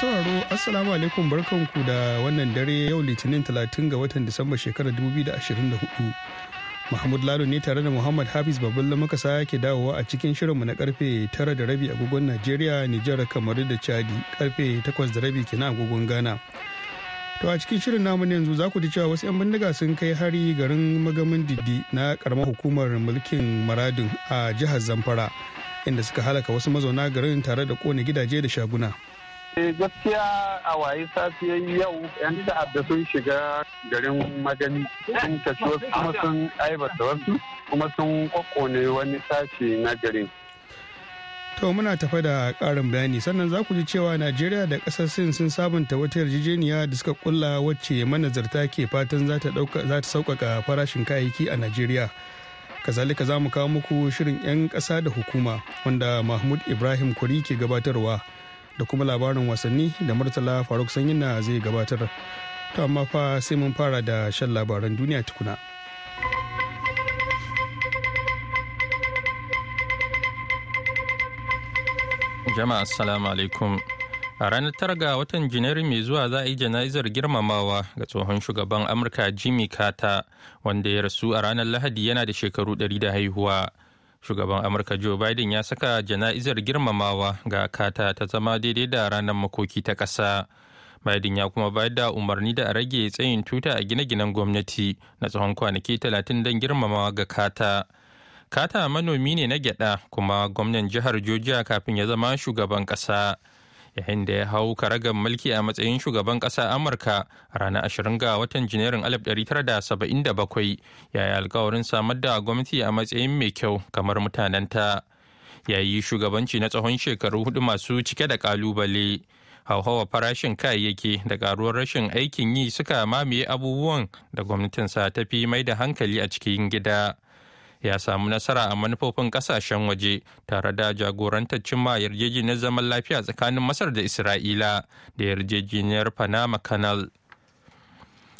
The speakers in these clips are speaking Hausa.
sauraro assalamu alaikum barkanku da wannan dare yau litinin 30 ga watan disamba shekarar 2024 mahmud lalo ne tare da muhammad hafiz babban makasa ke dawowa a cikin shirinmu na karfe 9 da rabi agogon najeriya nijar kamaru da chadi karfe 8 da rabi kenan agogon ghana to a cikin shirin namu yanzu za ku ji cewa wasu 'yan bindiga sun kai hari garin magamin diddi na karamar hukumar mulkin maradin a jihar zamfara inda suka halaka wasu mazauna garin tare da kone gidaje da shaguna Eh, gaskiya a waye safiyar yau yan ta'adda sun shiga garin magani sun tafi wasu kuma sun aibata wasu kuma sun kwakkone wani sashi na garin To muna tafa da karin bayani sannan za ku ji cewa Najeriya da ƙasar Sin sun sabunta wata yarjejeniya da suka kulla wacce manazarta ke fatan za ta sauƙaƙa farashin kayayyaki a Najeriya. Kazalika za mu kawo muku shirin 'yan ƙasa da hukuma wanda Mahmud Ibrahim Kuri ke gabatarwa. da kuma labarin wasanni da Murtala Faruk Sanyina zai gabatar. ta amma fa sai mun fara da shan labaran duniya tukuna. Jama'a assalamu alaikum. A ranar tara ga watan Janairu mai zuwa za a yi jana'izar girmamawa ga tsohon shugaban Amurka Jimmy Carter wanda ya rasu a ranar Lahadi yana da shekaru 100 da haihuwa. shugaban amurka joe biden ya saka jana'izar girmamawa ga kata ta zama daidai da ranar makoki ta ƙasa biden ya kuma bayar da umarni da a rage tsayin tuta a gine-ginen gwamnati na tsawon kwanaki talatin don girmamawa ga kata kata manomi ne na gyada kuma gwamnan jihar georgia kafin ya zama shugaban ƙasa yayin da ya hau karagar mulki a matsayin shugaban kasa amurka a ranar 20 ga watan janairun 1977 yayi alkawarin samar da gwamnati a matsayin mai kyau kamar mutanenta yayi shugabanci na tsawon shekaru hudu masu cike da kalubale hauhawa farashin kayayyaki da karuwar rashin aikin yi suka mamaye abubuwan da gwamnatinsa ta fi mai da hankali a cikin gida. ya samu nasara a manufofin kasashen waje tare da jagorantar cimma yarjejeniyar zaman lafiya tsakanin masar da isra'ila da yarjejeniyar panama canal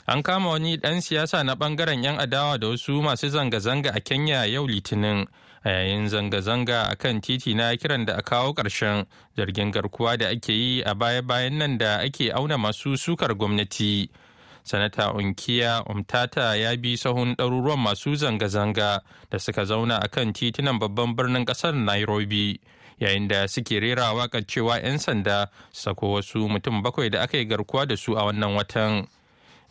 an kama wani ɗan siyasa na ɓangaren 'yan adawa da wasu masu zanga-zanga a kenya yau litinin a yayin zanga-zanga a kan titi na kiran da a kawo ƙarshen zargin garkuwa da ake yi a baya-bayan nan da ake auna masu sukar gwamnati. sanata unkiya umtata ya bi sahun ɗaruruwan masu zanga-zanga da suka zauna a kan titunan babban birnin ƙasar nairobi yayin da suke rera waƙar cewa 'yan sanda sako wasu mutum bakwai da aka yi garkuwa da su a wannan watan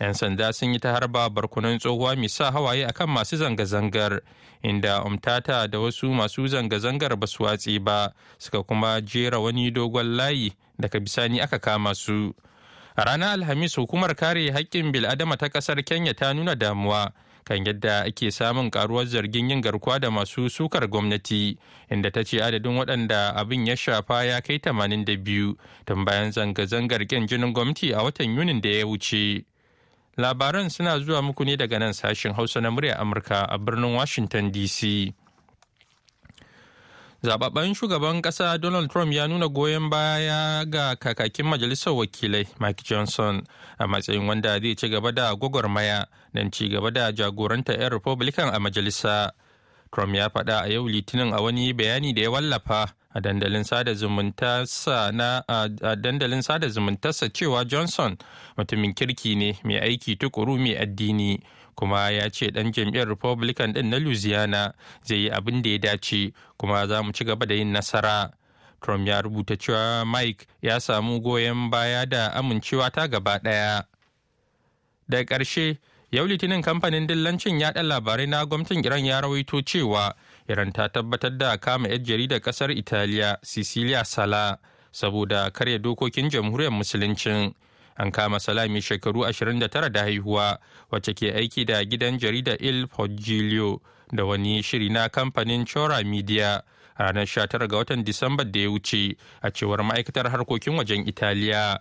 'yan sanda sun yi ta harba barkunan tsohuwa mai sa hawaye akan masu zanga-zangar inda umtata da wasu masu zanga-zangar ba su watsi ba suka kuma jera wani dogon layi daga bisani aka kama su A ranar Alhamis hukumar kare haƙƙin bil'adama ta ƙasar Kenya ta nuna damuwa kan yadda ake samun karuwar zargin yin garkuwa da masu sukar gwamnati inda ta ce adadin waɗanda abin ya shafa ya kai tamanin da biyu, tun bayan zanga-zangar ƙin jinin gwamnati a watan Yunin da ya wuce. Labaran suna zuwa muku ne daga nan sashen Hausa na murya Amurka a birnin Washington DC. zababben shugaban kasa donald trump ya nuna goyon baya ga kakakin majalisar wakilai mike johnson a matsayin wanda zai ci gaba da gwagwarmaya don ci gaba da jagoranta 'yan republican a majalisa trump ya faɗa a yau litinin a wani bayani da ya wallafa a dandalin sada zumuntarsa cewa johnson mutumin kirki ne mai aiki tukuru mai addini kuma ya ce dan jam'iyyar republican ɗin na louisiana zai yi abin da ya dace kuma za mu ci gaba da yin nasara trump ya rubuta cewa mike ya samu goyon baya da amincewa ta gaba ɗaya daga ƙarshe yau litinin kamfanin dillancin yaɗa labarai na gwamnatin iran ya rawaito cewa iran ta tabbatar da kama 'yar jaridar ƙasar italiya sicilia sala saboda karya dokokin jamhuriyar musuluncin an kama salami shekaru 29 da haihuwa wacce ke aiki da gidan jarida il Poggilio da wani shiri na kamfanin chora media ranar 19 ga watan disamba da ya wuce a cewar ma'aikatar harkokin wajen italiya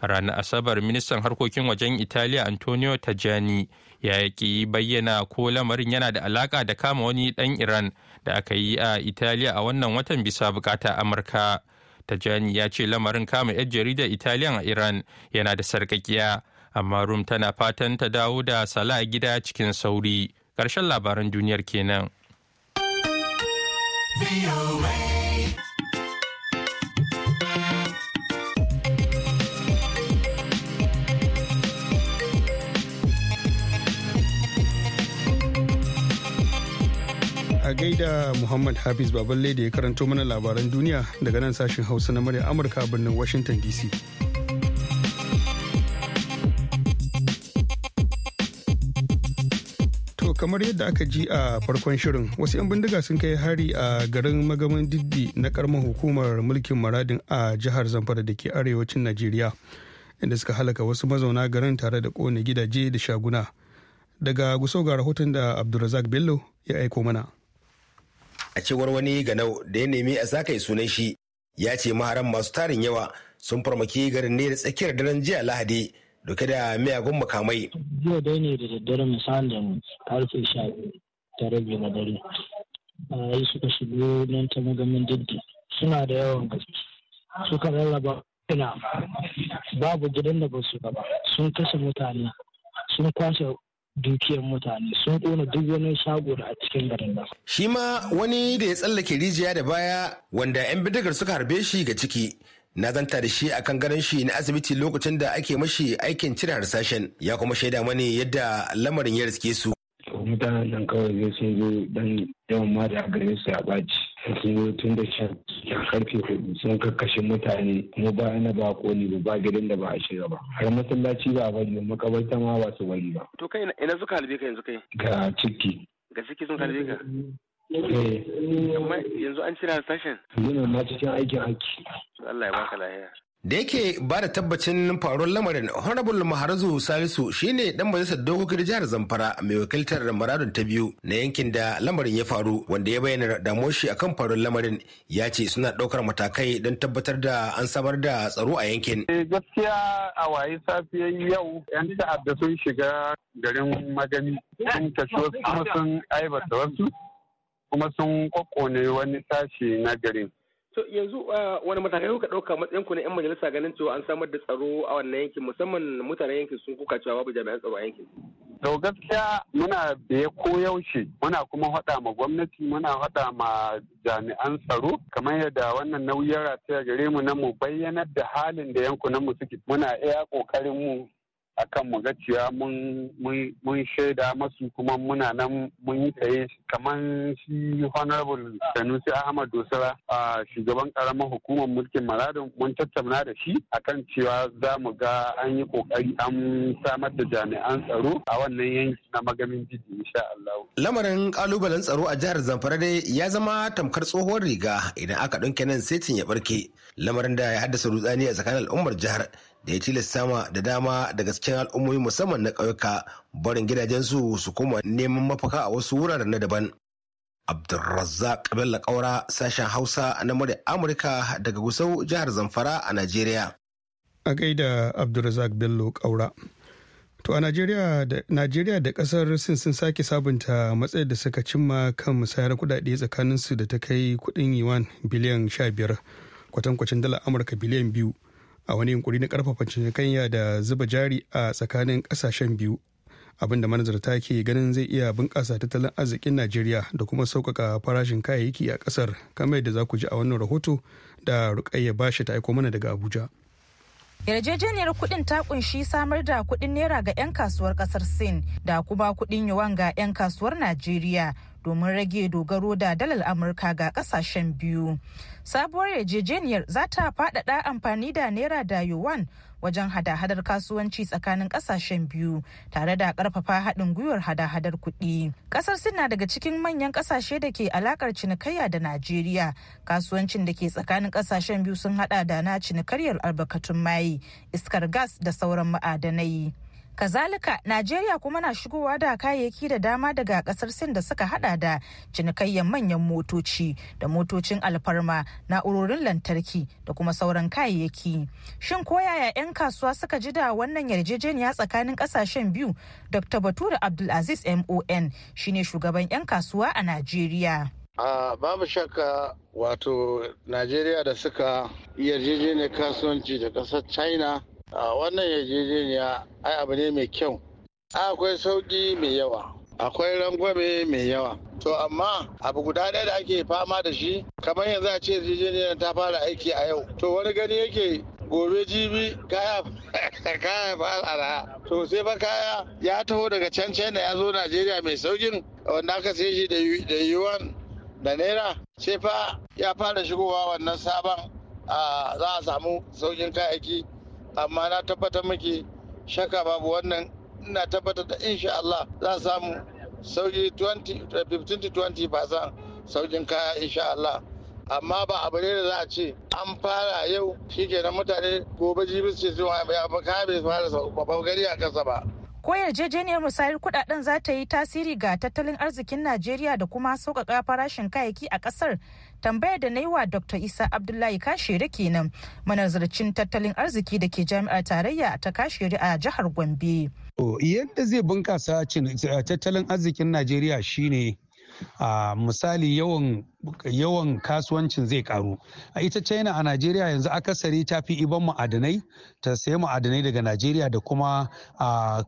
ranar asabar ministan harkokin wajen italiya antonio tajani ya yaki bayyana ko lamarin yana da alaka da kama wani dan iran da aka yi a italiya a wannan watan bisa bukata amurka Tajani ya ce lamarin kama 'yan jaridar Italiyan a Iran yana da sarkakiya, amma Rum tana fatan ta dawo da sala a gida cikin sauri. Ƙarshen labaran duniyar kenan. a gaida Muhammad Hafiz Baballe da ya karanto mana labaran duniya daga nan sashen Hausa na murya Amurka birnin Washington DC. To kamar yadda aka ji a farkon shirin wasu 'yan bindiga sun kai hari a garin magaman diddi na karamar hukumar mulkin maradin a jihar Zamfara da ke arewacin Najeriya inda suka halaka wasu mazauna garin tare da kone gidaje da shaguna. Daga gusau ga rahoton da Abdulrazak Bello ya aiko mana. a cewar wani ganau da ya nemi a sa kai sunan shi ya ce maharan masu tarin yawa sun farmaki garin ne da tsakiyar daren jiya lahadi dauke da miyagun makamai. jiya dai ne da daddare misalin karfe sha ta rabi na dare yi suka shigo nan ta magamin diddi suna da yawan gaske suka rarraba ina babu gidan da ba su gaba sun kashe mutane sun kwashe dukiyar mutane sun kona duk wani shago da a cikin garin nan. Shi ma wani da ya tsallake rijiya da baya wanda 'yan bindigar suka harbe shi ga ciki na zanta da shi a kan garin shi na asibiti lokacin da ake mashi aikin cire harsashen ya kuma shaida mani yadda lamarin ya riske su. mutanen nan kawai zai sun zo dan yawan ma da gare su ya baci sun zo tun da shan karfe hudu sun kakkashe mutane kuma ba na ba koli ba ba gidan da ba a shiga ba har masallaci ba a bari ba makabarta ma ba su bari ba. to kai ina suka halbe ka yanzu kai. ga ciki. ga ciki sun halbe ka. Eh. yanzu an cira sashen. yanzu na cikin aikin haki. Allah ya baka lahiya. da yake ba da tabbacin faruwar lamarin honorable maharazu salisu shine dan majalisar dokokin jihar zamfara mai wakiltar muradun ta biyu na yankin da lamarin ya faru wanda ya bayyana damuwar shi akan faruwar lamarin ya ce suna daukar matakai don tabbatar da an samar da tsaro a yankin eh, gaskiya a waye safiyar yau yan ta'adda sun shiga garin magani sun kashe wasu kuma sun aibata wasu kuma sun kwakkone wani sashi na garin To yanzu uh, wani matakai kuka ɗauka matsayin ku na 'yan majalisa ganin cewa an samar da tsaro a wannan yankin musamman mutanen yankin sun kuka cewa babu jami'an tsaro a yankin. To gaskiya muna biye ko yaushe muna kuma haɗa ma gwamnati muna haɗa ma jami'an tsaro kamar yadda wannan ya rataya gare mu na mu bayyanar da halin da yankunan mu suke muna iya ƙoƙarin mu akan mu ga cewa mun shaida masu kuma muna nan mun yi tsaye kamar shi honorable sanusi ahmad dosara a shugaban karamar hukumar mulkin maradin mun tattauna da shi akan cewa za mu ga an yi kokari an samar da jami'an tsaro a wannan yanki na magamin jiji insha Allah. Lamarin kalubalen tsaro a jihar Zamfara dai ya zama tamkar tsohuwar riga idan aka ɗauke nan setin ya barke lamarin da ya haddasa rutsani a tsakanin al'ummar jihar da ya tilasta ma da dama daga cikin al'ummomi musamman na ƙauyuka barin gidajensu su kuma neman mafaka a wasu wurare na daban. Abdulrazzaq Bello Kaura sashen Hausa na murya Amurka daga Gusau jihar Zamfara a Najeriya. A gaida Abdulrazzaq Bello Kaura. To a Najeriya da kasar Sin sun sake sabunta matsayar da suka cimma kan musayar kudade tsakaninsu da ta kai kudin yuan biliyan 15 kwatankwacin dalar Amurka biliyan biyu. a wani yunkuri na karfafa cinikayya da zuba jari a tsakanin kasashen biyu abin da manazarta ke ganin zai iya bunƙasa tattalin arzikin najeriya da kuma sauƙaƙa farashin kayayyaki a ƙasar kamar yadda za ku ji a wannan rahoto da rukayya bashi ta aiko mana daga abuja yarjejeniyar kuɗin ta kunshi samar da kuɗin naira ga 'yan kasuwar kasar sin da kuma kuɗin yuwan ga 'yan kasuwar najeriya domin rage dogaro da dalar amurka ga kasashen biyu sabuwar yarjejeniyar za ta faɗaɗa amfani da naira da yuan wajen hada-hadar kasuwanci tsakanin kasashen biyu tare da karfafa haɗin gwiwar hada-hadar kuɗi. Ƙasar Sin daga cikin manyan kasashe da ke alakar cinikayya da Najeriya. Kasuwancin da ke tsakanin kasashen biyu sun hada da na cinikayyar albarkatun mayi, iskar gas da sauran ma'adanai. Kazalika, Najeriya kuma na shigowa da kayayyaki da dama daga kasar Sin da suka hada da cinikayyar manyan motoci da motocin alfarma, na'urorin lantarki da kuma sauran kayayyaki. Shin koyaya 'yan kasuwa suka ji da wannan yarjejeniya tsakanin kasashen biyu? Dr. Bature Abdulaziz MON shine shugaban 'yan kasuwa a Najeriya. Uh, babu shakka wato Najeriya da suka yarjejeniyar kasuwanci da kasar China wannan yarjejeniya ai abu ne mai kyau akwai sauki mai yawa akwai rangwame mai yawa to amma abu guda ɗaya da ake fama da shi kamar yanzu a ce yarjejeniyar ta fara aiki a yau to wani gani yake gobe jibi kaya kaya fara to sai ba kaya ya taho daga can china ya zo najeriya mai saukin wanda aka sai shi da yuwan da naira sai fa ya fara shigowa wannan sabon za a samu saukin kayayyaki amma na tabbatar muke shaka babu wannan ina tabbatar da insha Allah za samu sauki 15-20 ba zan saukin kaya insha Allah amma ba abu ne da za a ce an fara yau na mutane gobe jibi ce zuwa ya kaya bai fara babban gari a kasa ba ko yarjejeniyar musayar kudaden za ta yi tasiri ga tattalin arzikin najeriya da kuma sauƙaƙa farashin kayayyaki a ƙasar tambayar da na yi wa dr isa abdullahi kashiri kenan manazarcin tattalin arziki da ke jami'ar tarayya ta kashiri a jihar gombe yadda zai bunkasa tattalin arzikin najeriya shine misali yawan yawan kasuwancin zai karu a ita china a najeriya yanzu akasari ta fi iban ma'adanai ta sayi ma'adanai daga najeriya da kuma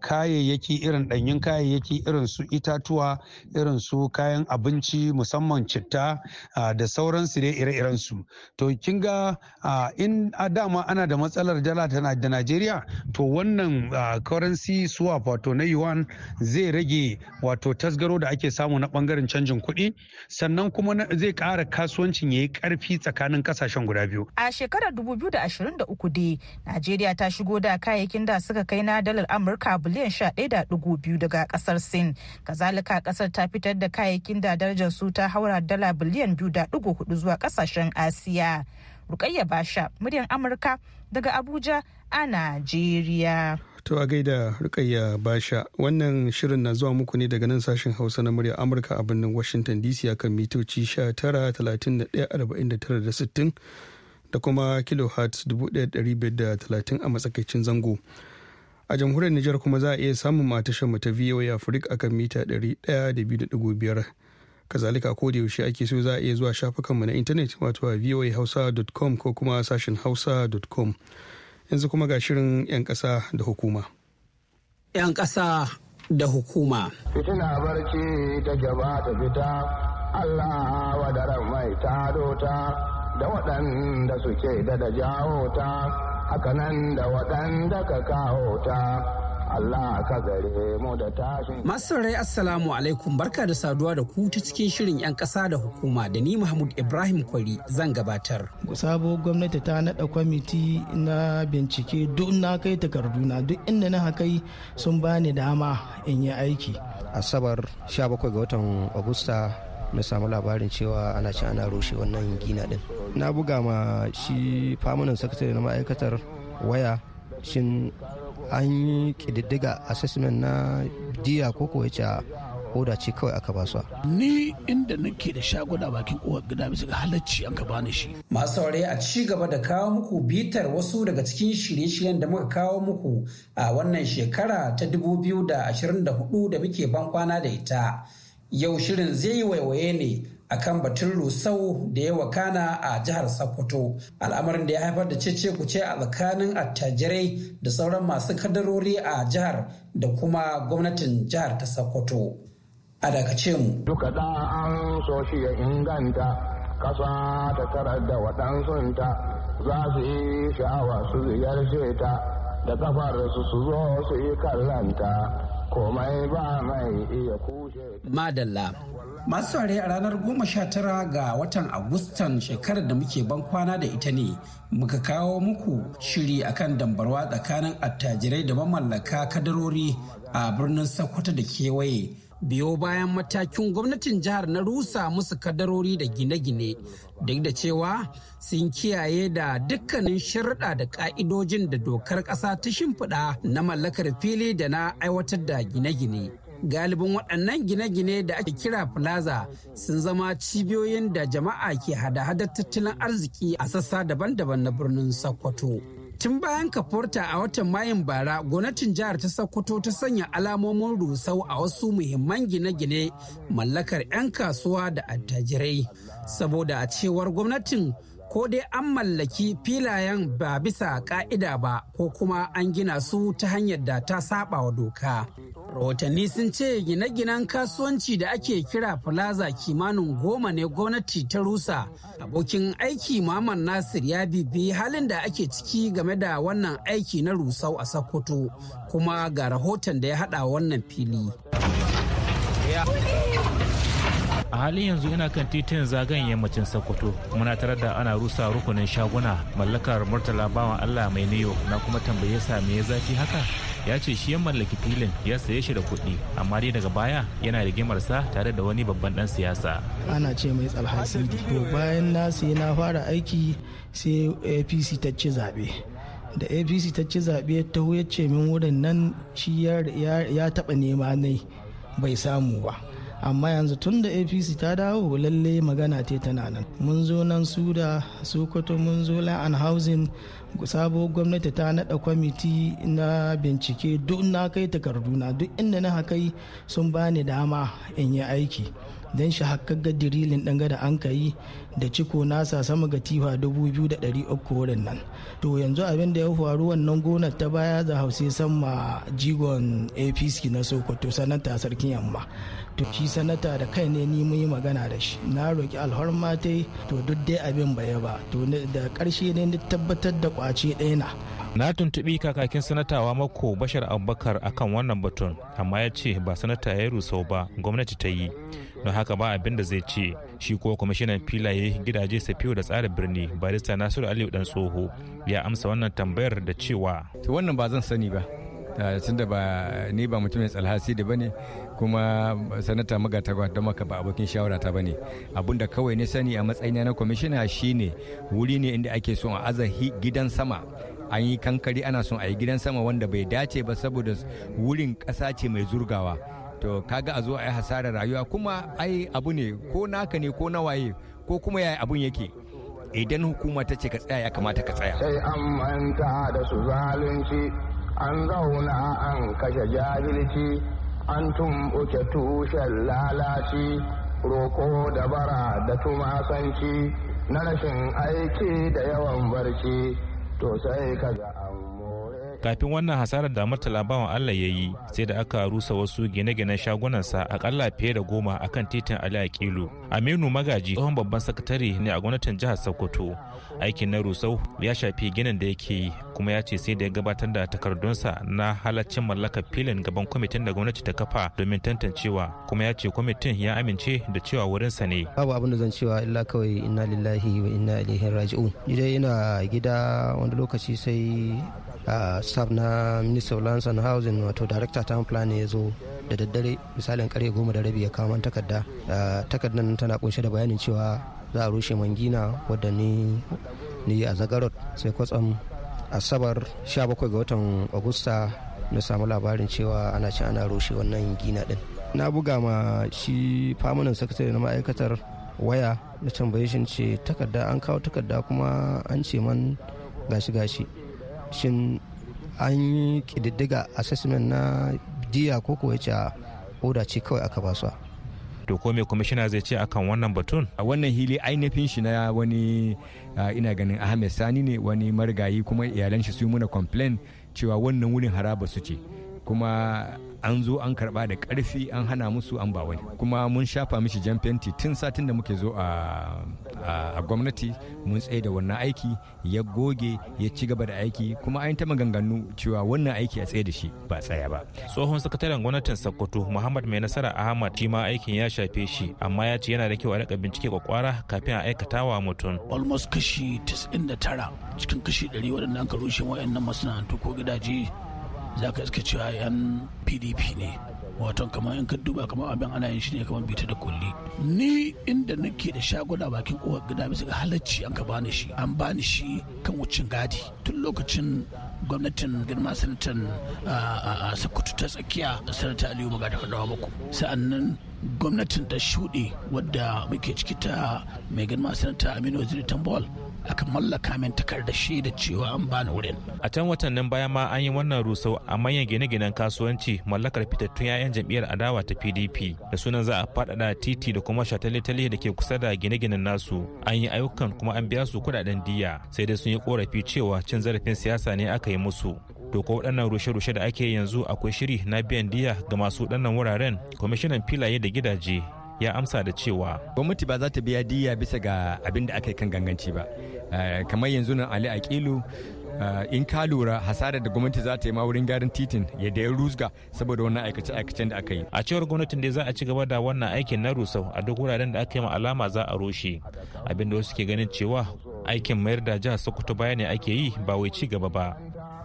kayayyaki irin ɗanyen kayayyaki irin su itatuwa irin su kayan abinci musamman citta da sauran su dai ire-iren su to kin ga in a dama ana da matsalar dala da najeriya to wannan currency swap wato na yuan zai rage wato tasgaro da ake samu na bangaren canjin kuɗi sannan kuma zai zai kara kasuwancin ya yi karfi tsakanin kasashen guda biyu. A shekarar 2023 dai Najeriya ta shigo da kayayyakin da suka kai na dalar Amurka biliyan biyu daga kasar Sin. Kazalika kasar ta fitar da kayayyakin da darajar su ta haura dala biliyan hudu zuwa kasashen Asiya. Rukayya Basha, muryar Amurka daga Abuja a Najeriya. To a gaida rikayya basha wannan shirin na zuwa muku ne daga nan sashen Hausa na murya Amurka a birnin Washington DC akan mitoci 19,31,49 da 60 da kuma kilohertz 1,530 a matsakaicin zango. A jamhuriyar Nijar kuma za a iya samun matashin ta VOA Africa akan mita 100.5. kazalika ko da yaushe ake so za a iya zuwa shafukanmu na intanet wato a voahausa.com ko kuma sashen hausa.com yanzu kuma ga shirin 'yan ƙasa da hukuma. 'yan ƙasa da hukuma. Fitina barci ta gaba ta fita, Allah wadaran mai ta dota da waɗanda suke da da jawo ta, hakanan da waɗanda ka kawo ta. Allah ka gare mu da tashin. Masarai Assalamu alaikum barka da saduwa da ku ta cikin shirin 'yan ƙasa da hukuma da ni Mahmud Ibrahim Kwari zan gabatar. Sabo gwamnati ta naɗa kwamiti na bincike duk na kai takarduna duk inda na hakai sun bani dama in yi aiki. Asabar 17 ga watan Agusta na samu labarin cewa ana ci ana rushe wannan gina din na buga ma shi famunan sakatare na ma'aikatar waya shin an yi ƙididdiga assessment na diya ko kuwa ce oda ce kawai aka ba su ni inda nake da shaguna bakin kowar gida bisa ga halacci an ka bani shi masu saurare a ci gaba da kawo muku bitar wasu daga cikin shirye-shiryen da muka kawo muku a wannan shekara ta 2024 da muke ban kwana da ita yau shirin zai yi waiwaye ne akan batun rusau da ya wakana a jihar Sokoto al'amarin da ya haifar da cece kuce a tsakanin attajirai da sauran masu kadarori a jihar da kuma gwamnatin jihar ta Sokoto. A daga ce mu. Duka da an so shi ya inganta kasa ta tarar da waɗansunta za su yi sha'awa su ziyarce ta da kafar su su zo su yi kallanta komai ba mai iya kushe. Madalla. masu a ranar 19 ga watan agustan shekarar da muke ban kwana da ita ne muka kawo muku shiri akan dambarwa tsakanin attajirai da mamallaka kadarori a birnin sokoto da kewaye biyo bayan matakin gwamnatin jihar na rusa musu kadarori da gine-gine duk da cewa sun kiyaye da dukkanin sharuɗa da ƙa'idojin da dokar ƙasa ta shimfiɗa na mallakar fili da na aiwatar da gine-gine galibin waɗannan gine-gine da ake kira plaza sun zama cibiyoyin da jama'a ke hada hada tattalin arziki a sassa daban-daban na birnin sokoto tun bayan kaforta a watan mayun bara gwamnatin jihar ta sokoto ta sanya alamomin rusau a wasu muhimman gine-gine mallakar 'yan kasuwa da attajirai saboda a cewar gwamnatin ko dai an mallaki filayen ba bisa ka'ida ba ko kuma an gina su ta hanyar da ta saba wa doka. Rahotanni sun ce gine-ginen kasuwanci da ake kira plaza kimanin goma ne gwamnati ta rusa. Abokin aiki Maman Nasir ya bibi halin da ake ciki game da wannan aiki na rusau a Sokoto kuma ga rahoton da ya hada wannan fili. a halin yanzu ina kan titin zagayen yammacin sokoto muna tare da ana rusa rukunin shaguna mallakar murtala bawan allah mai niyo na kuma tambaye sa me ya zafi haka ya ce shi ya mallaki filin ya saye shi da kuɗi amma dai daga baya yana rigimar sa tare da wani babban dan siyasa ana ce mai tsalhasidi to bayan na sai na fara aiki sai apc ta ci zaɓe da apc ta ci zaɓe ta ya ce min wurin nan shi ya taɓa nema nai bai samu ba amma yanzu tun da apc ta dawo lalle magana te tana nan mun zo nan su da sokoto mun zo la'an housing sabo gwamnati ta nada kwamiti na bincike duk na kai takarduna duk inda na hakai sun bani dama in yi aiki don shi hakkaga dirilin ɗanga da an kayi da ciko nasa sama ga tifa 2,300 wurin nan to yanzu abin da ya faru wannan gonar ta baya za hausai sama jigon apc na sokoto sanata sarkin yamma to shi sanata da kai ne ni mun yi magana da shi na roki alhorma to duk dai abin bai ba to da karshe ne ni tabbatar da kwace ɗaya na na tuntubi kakakin sanatawa mako bashar abubakar akan wannan batun amma ya ce ba sanata ya rusau ba gwamnati ta yi don haka ba abin da zai ce shi ko kwamishinan filaye gidaje safiyo da tsarin birni barista nasiru aliyu dan tsoho ya amsa wannan tambayar da cewa to wannan ba zan sani ba eh, da ba ni ba mutumin tsalhasi da bane kuma sanata ba don maka ba abokin shawara ta bane abinda kawai ne sani a matsayina na kwamishina shine wuri ne inda ake son a aza gidan sama an yi kankari ana son a yi gidan sama wanda bai dace ba saboda wurin ƙasa ce mai zurgawa to kaga a zo a yi hasarar rayuwa kuma ai abu ne ko naka ne ko na waye ko kuma yaya abun yake idan hukuma ta ce ka tsaya ya kamata ka tsaya sai an manta da su zalunci an zauna an kashe jahilci An tumɓuke tushen lalaci roƙo da bara da tumasanci na rashin aiki da yawan barci to sai ka kafin wannan hasarar da murtala bawan allah ya yi sai da aka rusa wasu gine-ginen a akalla fiye da goma a kan titin ali akilu aminu magaji tsohon babban sakatare ne a gwamnatin jihar sokoto aikin na rusau ya shafi ginin da yake yi kuma ya ce sai da ya gabatar da takardunsa na halaccin mallakar filin gaban kwamitin da gwamnati ta kafa domin tantancewa kuma ya ce kwamitin ya amince da cewa wurinsa ne babu abin da zan cewa illa kawai inna lillahi wa inna ilaihi raji'un idan ina gida wani lokaci sai staff na minister of lands and housing wato director town plan ya zo da daddare misalin kare goma da rabi ya kawo man takarda takardar nan tana kunshe da bayanin cewa za a rushe mangina wadda ni ni a zagarot sai kwatsam asabar 17 ga watan agusta na samu labarin cewa ana ci ana rushe wannan gina din na buga ma shi famunan sakatare na ma'aikatar waya na tambaye shi ce takarda an kawo takarda kuma an ce man gashi gashi shin an yi ƙididdiga assessment na diya ko kuwa ce oda ce kawai aka ba su to ko me kwamishina zai ce akan wannan batun a wannan hili ainihin shi na wani ina ganin ahmed sani ne wani marigayi kuma iyalan shi su muna complain cewa wannan wurin haraba su ce kuma an zo an karba da karfi an hana musu an ba wani kuma mun shafa mishi jan fenti tun satin da muke zo a gwamnati mun tsaye da wannan aiki ya goge ya ci gaba da aiki kuma an ta maganganu cewa wannan aiki a tsaye da shi ba tsaya ba tsohon sakataren gwamnatin sakkwato muhammad mai nasara ahmad shi ma aikin ya shafe shi amma ya ce yana da kyau a rika bincike kwakwara kafin a aikata wa mutum almost kashi 99 cikin kashi 100 waɗanda an rushe shi waɗannan masana'antu ko gidaje za ka iska cewa yan pdp ne wato kamar in ka duba kamar abin ana yin shi ne kamar bita da kulli ni inda nake da shaguna bakin kowar gida bisa ga halarci an ka bani shi an bani shi kan wucin gadi tun lokacin gwamnatin girma sanatan a sakutu ta tsakiya sanata aliyu maga da fadawa muku sa'annan gwamnatin ta shuɗe wadda muke ciki ta mai girma sanata aminu waziri tambol aka mallaka min takardar da cewa an bani wurin a can watannin baya ma an yi wannan rusau a manyan gine-ginen kasuwanci mallakar fitattun 'ya'yan jam'iyyar adawa ta pdp da sunan za a faɗaɗa titi da kuma shatale-tale da ke kusa da gine-ginen nasu an yi ayyukan kuma an biya su kuɗaɗen diya sai dai sun yi korafi cewa cin zarafin siyasa ne aka yi musu doka waɗannan rushe-rushe da ake yanzu akwai shiri na biyan diya ga masu ɗannan wuraren kwamishinan filaye da gidaje ya amsa da cewa gwamnati ba za ta biya diya bisa ga abin da aka yi kan ganganci ba eh, kamar yanzu nan ali aƙilu eh, in ka lura hasarar da gwamnati za ta yi ma wurin gyaran titin ya da ya rusga saboda wannan aikace aikacen da aka yi a cewar gwamnatin da za a ci gaba da wannan aikin na rusau a duk wuraren da aka yi ma alama za a rushe abin da wasu ke ganin cewa aikin mayar da jihar sokoto baya ne ake yi ba wai ci gaba ba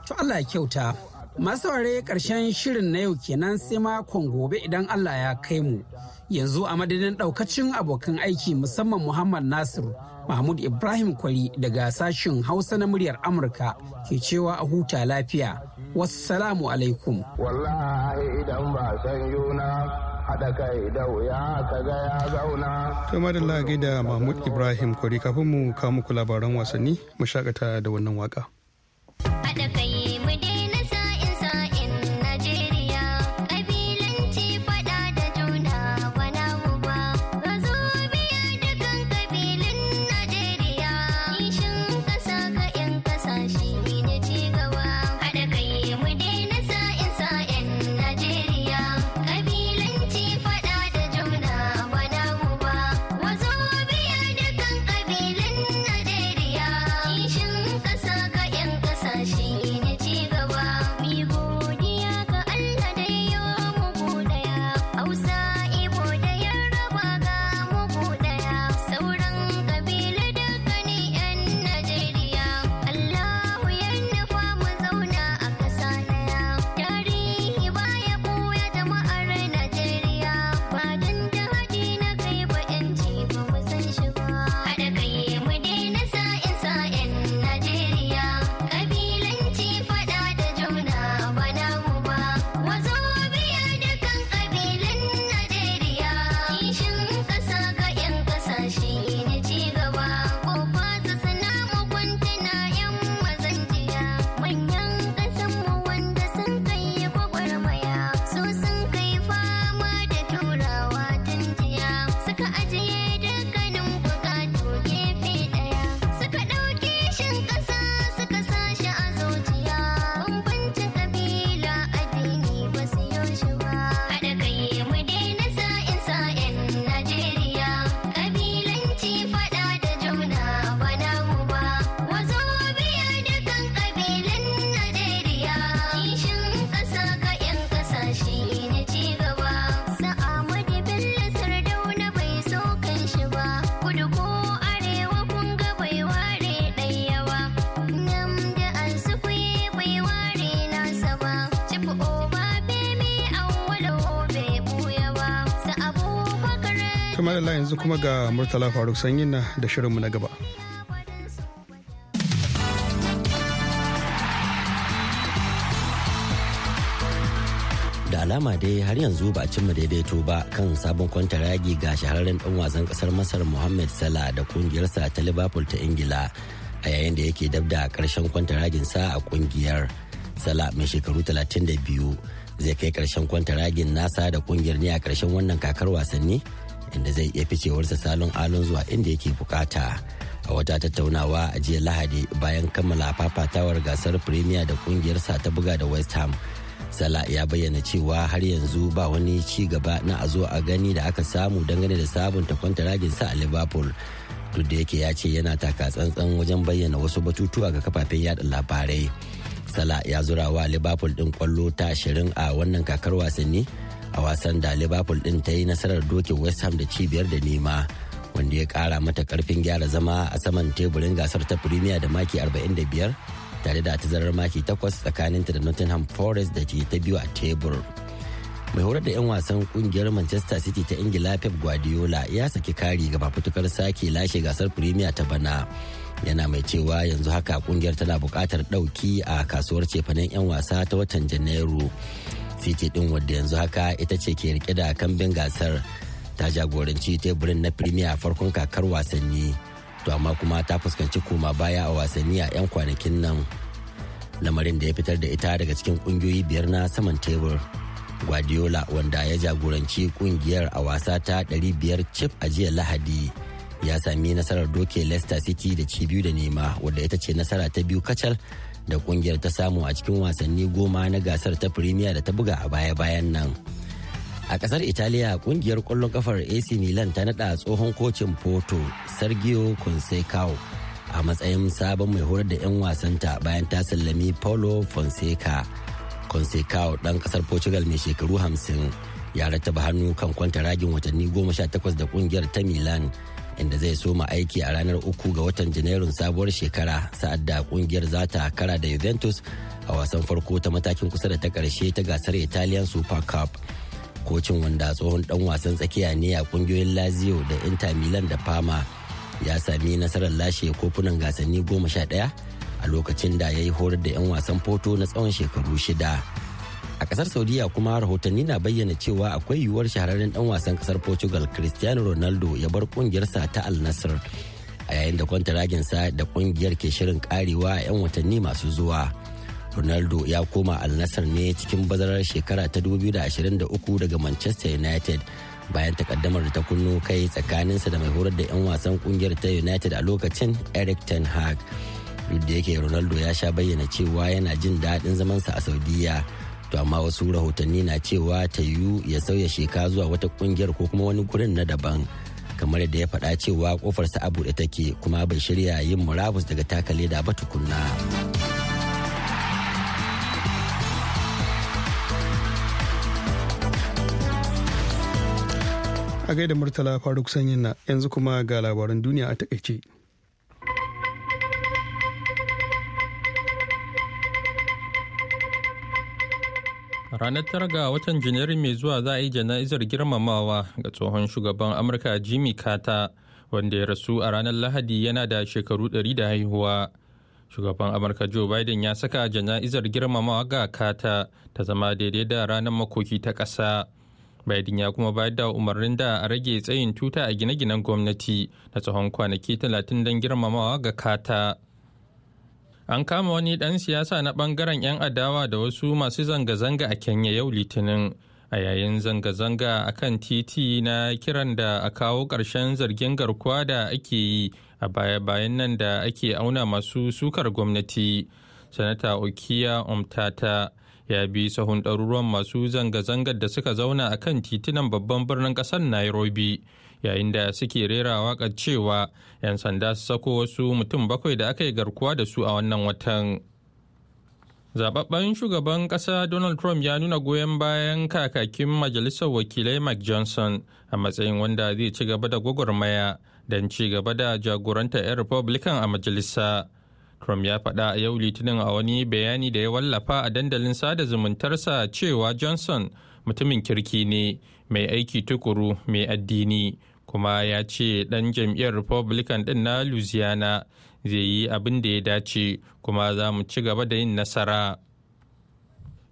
to Allah ya kyauta masaurare ƙarshen shirin na yau kenan sai makon gobe idan Allah ya kai mu. Yanzu a madadin ɗaukacin abokan aiki musamman Muhammad Nasiru Mahmud Ibrahim Kwari daga sashen Hausa na muryar Amurka ke cewa a huta lafiya. Wassalamu alaikum. Wallahi idan ba san yuna haɗa kai da wuya ka ga ya zauna. To madalla gaida Mahmud Ibrahim Kwari kafin mu kawo muku labaran wasanni mu shakata da wannan waka. yanzu kuma ga Murtala Faruk Sanyin na da shirinmu na gaba. da alama dai har yanzu ba a cimma daidaito ba kan sabon kwantaragi ga shahararren dan wasan kasar masar mohammed sala da kungiyarsa ta liverpool ta ingila a yayin da yake dab da karshen kwantaraginsa a kungiyar sala mai shekaru 32 zai kai karshen kwantaragin nasa da kungiyar ne a karshen wannan kakar wasanni inda zai iya ficewarsa salon alon zuwa inda yake bukata a wata tattaunawa a jiya lahadi bayan kammala fafatawar gasar premier da kungiyarsa ta buga da west ham sala ya bayyana cewa har yanzu ba wani ci gaba na a zo a gani da aka samu dangane da sabunta kwantaraginsa a liverpool duk da yake ya ce yana taka tsantsan wajen bayyana wasu batutuwa ga kafafen yada labarai sala ya zura wa liverpool din kwallo ta ashirin a wannan kakar wasanni a wasan da liverpool din ta yi nasarar dokin west ham da cibiyar da nema wanda ya kara mata karfin gyara zama a saman teburin gasar ta premier da maki 45 tare da tazarar maki 8 tsakaninta da nottingham forest da ke ta biyu a tebur mai horar da 'yan wasan kungiyar manchester city ta ingila pep guardiola ya saki kari ga fitukar sake lashe gasar premier ta bana yana mai cewa yanzu haka kungiyar tana buƙatar ɗauki a kasuwar cefanen 'yan wasa ta watan janairu titi din wadda yanzu haka ita ce ke rike da kambin gasar ta jagoranci teburin na premier farkon kakar wasanni to amma kuma ta fuskanci koma baya a wasanni a 'yan kwanakin nan lamarin da ya fitar da ita daga cikin kungiyoyi biyar na saman tebur guardiola wanda ya jagoranci kungiyar a wasa ta 500 chip a jiya lahadi ya sami nasarar doke leicester city da ci biyu da nema wadda ita ce nasara ta biyu kacal da kungiyar ta samu a cikin wasanni goma na gasar ta Premier da ta buga a baya-bayan nan. A kasar Italiya kungiyar kwallon kafar AC Milan ta nada tsohon kocin Porto Sergio consecao a matsayin sabon mai horar da 'yan wasanta bayan ta sallami Paulo Fonseca. consecao dan kasar Portugal mai shekaru 50 ya rattaba hannu kan kwanta ragin watanni 18 da kungiyar ta Milan. inda zai soma aiki a ranar uku ga watan janairun sabuwar shekara sa'ad da kungiyar za ta kara da juventus a wasan farko ta matakin kusa da ta karshe ta gasar italian super cup kocin wanda tsohon dan wasan tsakiya ne a kungiyoyin lazio da inter milan da fama ya sami nasarar lashe kofunan gasanni goma sha ɗaya a lokacin da ya yi horar da 'yan wasan foto na tsawon shekaru shida. a kasar saudiya kuma rahotanni na bayyana cewa akwai yiwuwar shahararren dan wasan kasar portugal cristiano ronaldo ya bar kungiyarsa ta al nassr a yayin da kwantaraginsa da kungiyar ke shirin karewa a 'yan watanni masu zuwa ronaldo ya koma al nassr ne cikin bazarar shekara ta 2023 daga manchester united bayan takaddamar da ta kunno kai tsakaninsa da mai horar da 'yan wasan kungiyar ta united a lokacin eric ten hag duk da yake ronaldo ya sha bayyana cewa yana jin daɗin zamansa a saudiya to amma wasu rahotanni na cewa ta yiwu ya sauya sheka zuwa wata kungiyar ko kuma wani gurin na daban kamar yadda ya faɗa cewa kofarsa a buɗe take kuma bai shirya yin murabus daga taka leda ba tukunna. a gaida murtala faruk sanyin na yanzu kuma ga labaran duniya a takaice. ranar tara ga watan janairu mai zuwa za a yi jana'izar girmamawa ga tsohon shugaban amurka jimmy carter wanda ya rasu a ranar lahadi yana da shekaru 100 da haihuwa shugaban amurka joe biden ya saka jana'izar girmamawa ga carter ta zama daidai da ranar makoki ta ƙasa biden ya kuma bayar da umarnin da a rage tsayin tuta a gine-ginen gwamnati na tsawon kwanaki 30 don girmamawa ga carter an kama wani ɗan siyasa na ɓangaren 'yan adawa da wasu masu zanga-zanga a kenya yau litinin a yayin zanga-zanga a kan titi na kiran da a kawo ƙarshen zargin garkuwa da ake yi a baya-bayan nan da ake auna masu sukar gwamnati sanata okiya Umtata ya bi sahun ɗaruruwan masu zanga-zangar da suka zauna a kan titunan babban birnin ƙasar nairobi yayin da suke rera waƙar cewa 'yan sanda su sako wasu mutum bakwai da aka yi garkuwa da su a wannan watan. Zababben shugaban ƙasa Donald Trump ya nuna goyon bayan kakakin Majalisar Wakilai Mike Johnson a matsayin wanda zai ci gaba da gwagwarmaya don ci gaba da jagoranta 'yan Republican a majalisa. Trump ya faɗa a yau Litinin a wani bayani da ya wallafa a dandalin sada zumuntarsa cewa Johnson mutumin kirki ne mai aiki tukuru mai addini kuma ya ce ɗan jam'iyyar republican ɗin na louisiana zai yi abin da ya dace kuma za mu ci gaba da yin nasara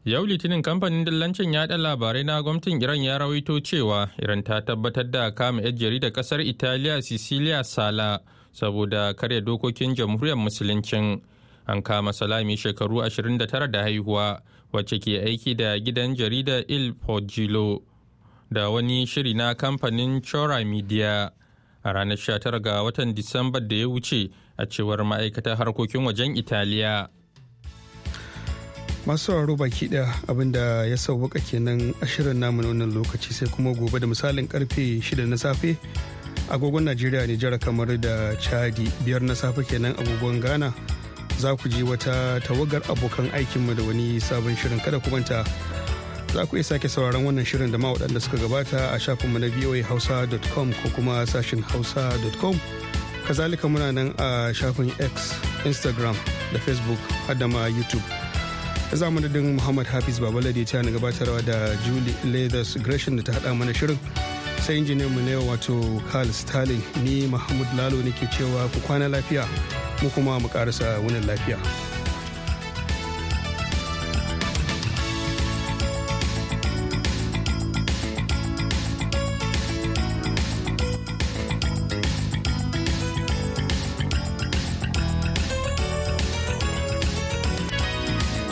yau litinin kamfanin dillancin yaɗa labarai na gwamnatin iran ya rawaito cewa iran ta tabbatar da kama 'yan jarida ƙasar italiya sicilia sala saboda karya dokokin jamhuriyar musuluncin an kama salami shekaru 29 da haihuwa wacce ke aiki da gidan jarida il pogilo da wani shiri na kamfanin Chora Media a ranar 19 ga watan disamba da ya wuce a cewar ma'aikatar harkokin wajen Italiya. Masu sauraro baki da abinda ya sauwaka kenan ashirin namu na wannan lokaci sai kuma gobe da misalin karfe shida na safe agogon Najeriya ne jira kamar da Chadi biyar na safe kenan agogon Ghana za ku ji wata tawagar abokan aikinmu da wani sabon shirin kada ku manta. za ku iya sake sauraron wannan shirin da ma waɗanda suka gabata a shafin shafinmu na hausa.com ko kuma sashin hausa.com kazalika muna nan a shafin x instagram da facebook har da ma youtube da zamanin muhammad hafiz babalade ta na gabatarwa da julie leathers gresham da ta haɗa mana shirin sai injiniyan mu ne wato carl stalin ni mahmud lalo ne ke cewa ku kwana lafiya mu kuma mu karasa wunin lafiya.